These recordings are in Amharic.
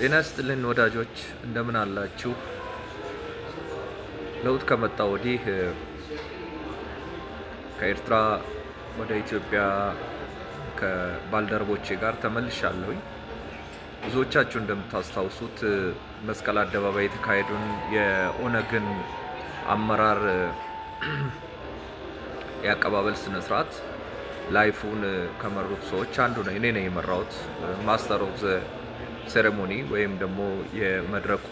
ጤና ይስጥልን ወዳጆች እንደምን አላችሁ? ለውጥ ከመጣ ወዲህ ከኤርትራ ወደ ኢትዮጵያ ከባልደረቦቼ ጋር ተመልሻለሁኝ። ብዙዎቻችሁ እንደምታስታውሱት መስቀል አደባባይ የተካሄዱን የኦነግን አመራር የአቀባበል ስነስርዓት ላይፉን ከመሩት ሰዎች አንዱ ነው። እኔ ነው የመራሁት ማስተር ኦፍ ሴሬሞኒ ወይም ደግሞ የመድረኩ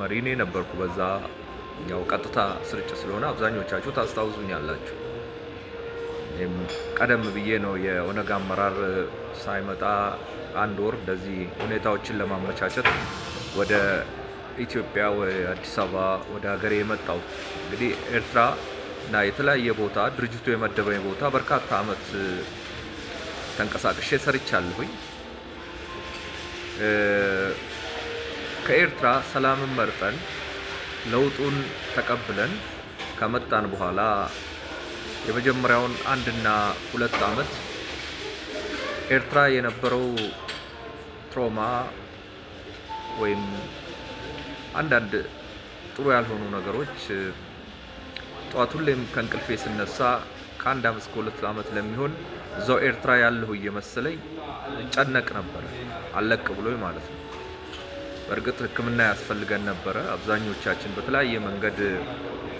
መሪ እኔ ነበርኩ። በዛ ያው ቀጥታ ስርጭት ስለሆነ አብዛኞቻችሁ ታስታውሱኛላችሁ። እኔም ቀደም ብዬ ነው የኦነግ አመራር ሳይመጣ አንድ ወር እንደዚህ ሁኔታዎችን ለማመቻቸት ወደ ኢትዮጵያ አዲስ አበባ ወደ ሀገሬ የመጣሁት እንግዲህ ኤርትራ እና የተለያየ ቦታ ድርጅቱ የመደበኝ ቦታ በርካታ አመት ተንቀሳቅሼ ሰርቻለሁኝ። ከኤርትራ ሰላምን መርጠን ለውጡን ተቀብለን ከመጣን በኋላ የመጀመሪያውን አንድና ሁለት ዓመት ኤርትራ የነበረው ትሮማ ወይም አንዳንድ ጥሩ ያልሆኑ ነገሮች ጠዋት ሁሌም ከእንቅልፌ ስነሳ ከአንድ ዓመት እስከ ሁለት ዓመት ለሚሆን እዛው ኤርትራ ያለሁ እየመሰለኝ ጨነቅ ነበረ። አለቅ ብሎኝ ማለት ነው። በእርግጥ ሕክምና ያስፈልገን ነበረ። አብዛኞቻችን በተለያየ መንገድ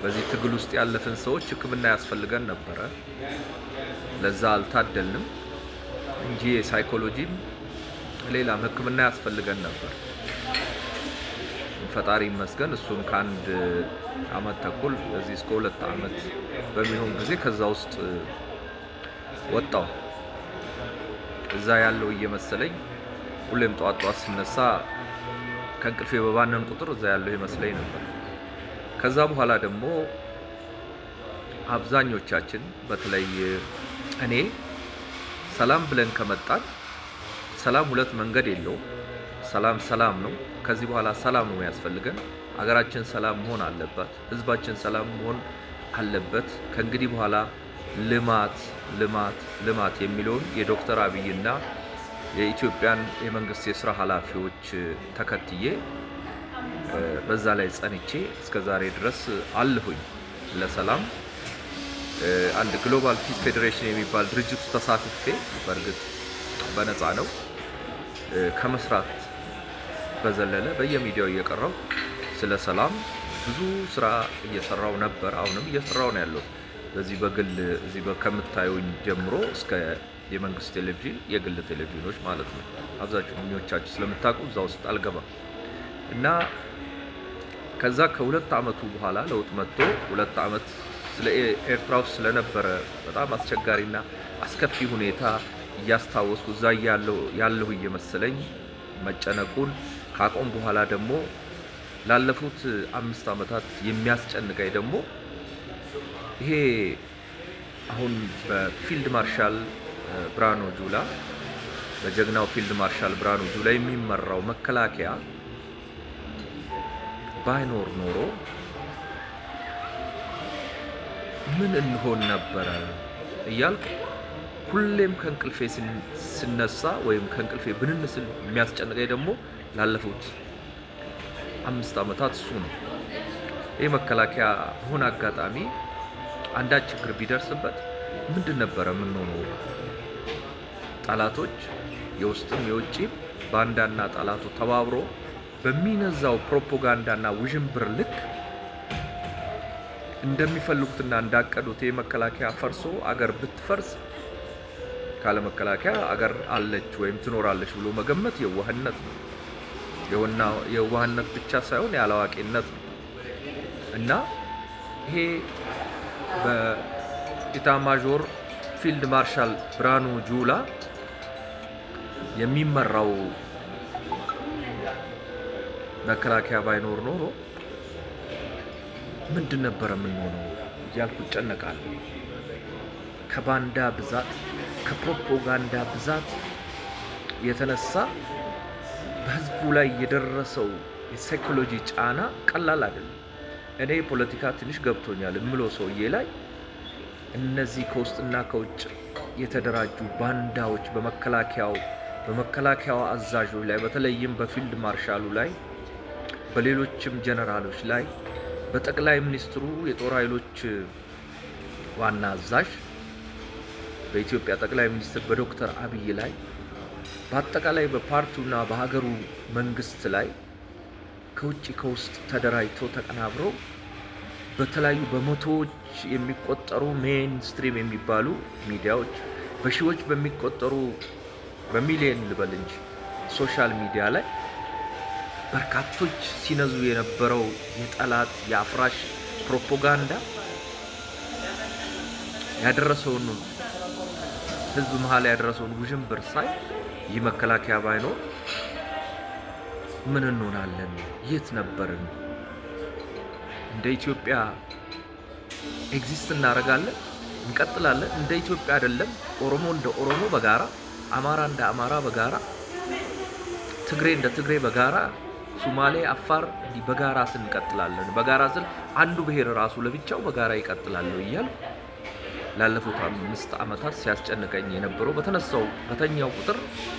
በዚህ ትግል ውስጥ ያለፍን ሰዎች ሕክምና ያስፈልገን ነበረ። ለዛ አልታደልንም እንጂ የሳይኮሎጂም ሌላም ሕክምና ያስፈልገን ነበር። ፈጣሪ ይመስገን እሱም ከአንድ አመት ተኩል እዚህ እስከ ሁለት አመት በሚሆን ጊዜ ከዛ ውስጥ ወጣው እዛ ያለው እየመሰለኝ ሁሌም ጠዋት ጠዋት ስነሳ ከእንቅልፌ በባነን ቁጥር እዛ ያለው ይመስለኝ ነበር። ከዛ በኋላ ደግሞ አብዛኞቻችን በተለይ እኔ ሰላም ብለን ከመጣን ሰላም ሁለት መንገድ የለውም። ሰላም ሰላም ነው። ከዚህ በኋላ ሰላም ነው ያስፈልገን። አገራችን ሰላም መሆን አለባት። ህዝባችን ሰላም መሆን አለበት። ከእንግዲህ በኋላ ልማት ልማት ልማት የሚለውን የዶክተር አብይና የኢትዮጵያን የመንግስት የስራ ኃላፊዎች ተከትዬ በዛ ላይ ጸንቼ እስከ ዛሬ ድረስ አለሁኝ። ለሰላም አንድ ግሎባል ፒስ ፌዴሬሽን የሚባል ድርጅት ተሳትፌ በእርግጥ በነፃ ነው ከመስራት በዘለለ በየሚዲያው እየቀረው ስለ ሰላም ብዙ ስራ እየሰራው ነበር። አሁንም እየሰራው ነው ያለው። በዚህ በግል እዚህ ከምታዩኝ ጀምሮ እስከ የመንግስት ቴሌቪዥን የግል ቴሌቪዥኖች ማለት ነው። ሚዎቻችሁ ስለምታውቁ እዛ ውስጥ አልገባም እና ከዛ ከሁለት ዓመቱ በኋላ ለውጥ መጥቶ ሁለት ዓመት ስለ ኤርትራ ውስጥ ስለነበረ በጣም አስቸጋሪና አስከፊ ሁኔታ እያስታወስኩ እዛ ያለሁ እየመሰለኝ መጨነቁን ካቆም በኋላ ደግሞ ላለፉት አምስት ዓመታት የሚያስጨንቀኝ ደግሞ ይሄ አሁን በፊልድ ማርሻል ብርሃኑ ጁላ በጀግናው ፊልድ ማርሻል ብርሃኑ ጁላ የሚመራው መከላከያ ባይኖር ኖሮ ምን እንሆን ነበረ እያልኩ ሁሌም ከእንቅልፌ ስነሳ ወይም ከእንቅልፌ ብንንስል የሚያስጨንቀኝ ደግሞ ላለፉት አምስት ዓመታት እሱ ነው። ይህ መከላከያ በሆነ አጋጣሚ አንዳች ችግር ቢደርስበት ምንድን ነበረ የምንሆነው? ጠላቶች የውስጥም የውጭም ባንዳና ጠላቱ ተባብሮ በሚነዛው ፕሮፓጋንዳና ውዥንብር ልክ እንደሚፈልጉትና እንዳቀዱት የመከላከያ ፈርሶ አገር ብትፈርስ ካለመከላከያ አገር አለች ወይም ትኖራለች ብሎ መገመት የዋህነት ነው። የዋህነት ብቻ ሳይሆን ያላዋቂነት ነው እና ይሄ በኢታማዦር ፊልድ ማርሻል ብርሃኑ ጁላ የሚመራው መከላከያ ባይኖር ኖሮ ምንድን ነበረ የምንሆነው እያልኩ እጨነቃለሁ። ከባንዳ ብዛት፣ ከፕሮፓጋንዳ ብዛት የተነሳ በህዝቡ ላይ የደረሰው የሳይኮሎጂ ጫና ቀላል አይደለም። እኔ ፖለቲካ ትንሽ ገብቶኛል እምሎ ሰውዬ ላይ እነዚህ ከውስጥና ከውጭ የተደራጁ ባንዳዎች በመከላከያው በመከላከያው አዛዦች ላይ በተለይም በፊልድ ማርሻሉ ላይ በሌሎችም ጀነራሎች ላይ በጠቅላይ ሚኒስትሩ የጦር ኃይሎች ዋና አዛዥ በኢትዮጵያ ጠቅላይ ሚኒስትር በዶክተር አብይ ላይ በአጠቃላይ በፓርቲውና በሀገሩ መንግስት ላይ ከውጭ ከውስጥ ተደራጅቶ ተቀናብሮ በተለያዩ በመቶዎች የሚቆጠሩ ሜን ስትሪም የሚባሉ ሚዲያዎች በሺዎች በሚቆጠሩ በሚሊየን ልበል እንጂ ሶሻል ሚዲያ ላይ በርካቶች ሲነዙ የነበረው የጠላት የአፍራሽ ፕሮፓጋንዳ ያደረሰውን ህዝብ መሀል ያደረሰውን ውዥንብር ሳይ ይህ መከላከያ ባይኖር ምን እንሆናለን? የት ነበርን? እንደ ኢትዮጵያ ኤግዚስት እናደርጋለን? እንቀጥላለን? እንደ ኢትዮጵያ አይደለም። ኦሮሞ እንደ ኦሮሞ በጋራ፣ አማራ እንደ አማራ በጋራ፣ ትግሬ እንደ ትግሬ በጋራ፣ ሱማሌ፣ አፋር እንዲህ በጋራ ስንቀጥላለን። በጋራ ስል አንዱ ብሔር ራሱ ለብቻው በጋራ ይቀጥላለሁ እያል ላለፉት አምስት ዓመታት ሲያስጨንቀኝ የነበረው በተነሳው በተኛው ቁጥር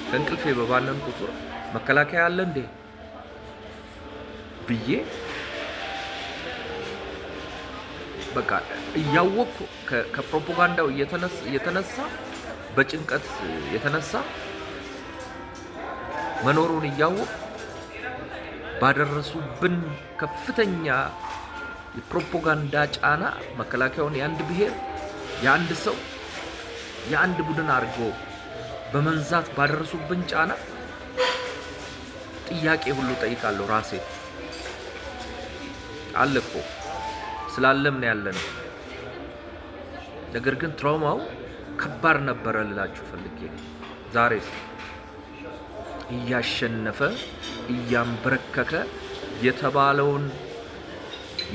ከእንቅልፌ በባነን ቁጥር መከላከያ አለ እንዴ ብዬ በቃ እያወቅኩ ከፕሮፓጋንዳው የተነሳ በጭንቀት የተነሳ መኖሩን እያወቅ ባደረሱብን ከፍተኛ የፕሮፓጋንዳ ጫና መከላከያውን የአንድ ብሔር፣ የአንድ ሰው፣ የአንድ ቡድን አድርጎ በመንዛት ባደረሱብን ጫና ጥያቄ ሁሉ ጠይቃለሁ ራሴ። አለ እኮ ስላለም ነው ያለን። ነገር ግን ትራውማው ከባድ ነበረ ልላችሁ ፈልጌ ዛሬ እያሸነፈ እያንበረከከ የተባለውን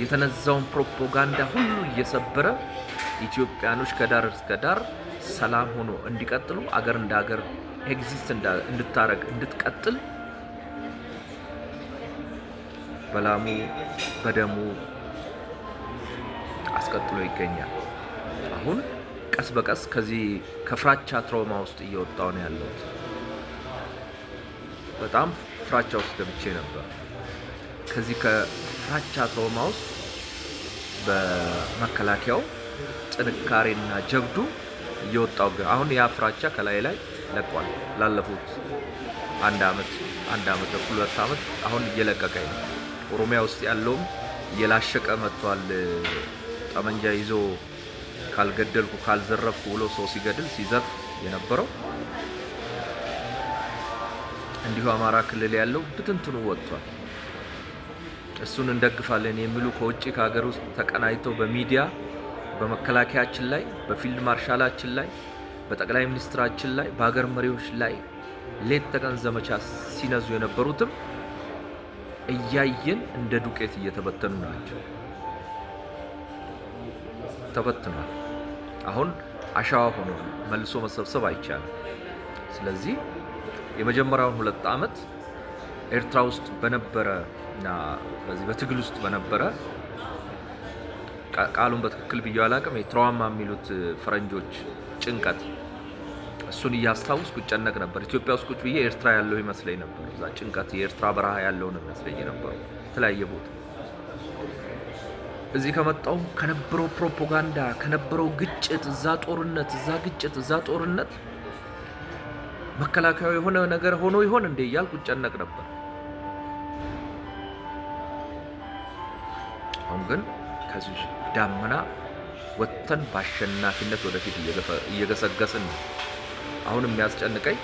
የተነዛውን ፕሮፓጋንዳ ሁሉ እየሰበረ ኢትዮጵያኖች ከዳር እስከ ዳር ሰላም ሆኖ እንዲቀጥሉ አገር እንደ አገር ኤግዚስት እንድታረግ እንድትቀጥል በላሙ በደሙ አስቀጥሎ ይገኛል። አሁን ቀስ በቀስ ከዚህ ከፍራቻ ትሮማ ውስጥ እየወጣሁ ነው ያለሁት። በጣም ፍራቻ ውስጥ ገብቼ ነበር። ከዚህ ከፍራቻ ትሮማ ውስጥ በመከላከያው ጥንካሬና ጀብዱ እየወጣው አሁን ያ ፍራቻ ከላይ ላይ ለቋል። ላለፉት አንድ አመት አንድ አመት ሁለት አመት አሁን እየለቀቀኝ ነው። ኦሮሚያ ውስጥ ያለውም እየላሸቀ መጥቷል። ጠመንጃ ይዞ ካልገደልኩ ካልዘረፍኩ ብሎ ሰው ሲገድል ሲዘርፍ የነበረው እንዲሁ አማራ ክልል ያለው ብትንትኑ ወጥቷል። እሱን እንደግፋለን የሚሉ ከውጭ ከሀገር ውስጥ ተቀናጅተው በሚዲያ በመከላከያችን ላይ በፊልድ ማርሻላችን ላይ በጠቅላይ ሚኒስትራችን ላይ በሀገር መሪዎች ላይ ሌት ተቀን ዘመቻ ሲነዙ የነበሩትም እያየን እንደ ዱቄት እየተበተኑ ናቸው። ተበትኗል። አሁን አሸዋ ሆኖ መልሶ መሰብሰብ አይቻልም። ስለዚህ የመጀመሪያውን ሁለት ዓመት ኤርትራ ውስጥ በነበረ እና በዚህ በትግል ውስጥ በነበረ ቃሉን በትክክል ብዬ አላቅም የትራዋማ የሚሉት ፈረንጆች ጭንቀት እሱን እያስታውስኩ ጨነቅ ነበር። ኢትዮጵያ ውስጥ ቁጭ ብዬ ኤርትራ ያለው ይመስለኝ ነበር። እዛ ጭንቀት የኤርትራ በረሃ ያለውን ይመስለኝ ነበሩ የተለያየ ቦታ እዚህ ከመጣው ከነበረው ፕሮፓጋንዳ ከነበረው ግጭት እዛ ጦርነት እዛ ግጭት እዛ ጦርነት መከላከያ የሆነ ነገር ሆኖ ይሆን እንዴ እያልኩ ጨነቅ ነበር። አሁን ግን ከዚህ ዳመና ወጥተን በአሸናፊነት ወደፊት እየገሰገስን ነው። አሁን የሚያስጨንቀኝ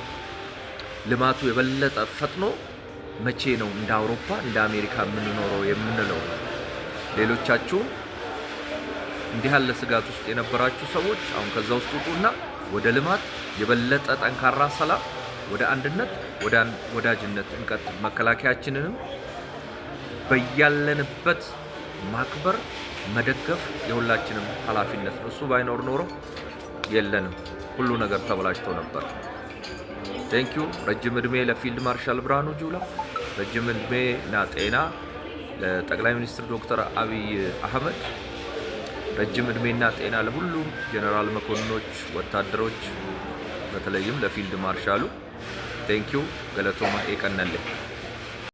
ልማቱ የበለጠ ፈጥኖ መቼ ነው እንደ አውሮፓ እንደ አሜሪካ የምንኖረው የምንለው። ሌሎቻችሁም እንዲህ ያለ ስጋት ውስጥ የነበራችሁ ሰዎች አሁን ከዛ ውስጥ ውጡና ወደ ልማት የበለጠ ጠንካራ ሰላም፣ ወደ አንድነት፣ ወዳጅነት እንቀጥል። መከላከያችንንም በያለንበት ማክበር፣ መደገፍ የሁላችንም ኃላፊነት ነው። እሱ ባይኖር ኖሮ የለንም። ሁሉ ነገር ተበላሽቶ ነበር። ቴንኪ ዩ። ረጅም ዕድሜ ለፊልድ ማርሻል ብርሃኑ ጁላ፣ ረጅም ዕድሜና ጤና ለጠቅላይ ሚኒስትር ዶክተር አብይ አህመድ፣ ረጅም ዕድሜና ጤና ለሁሉም ጀነራል መኮንኖች፣ ወታደሮች፣ በተለይም ለፊልድ ማርሻሉ። ቴንኪ ዩ። ገለቶማ ኤቀነሌ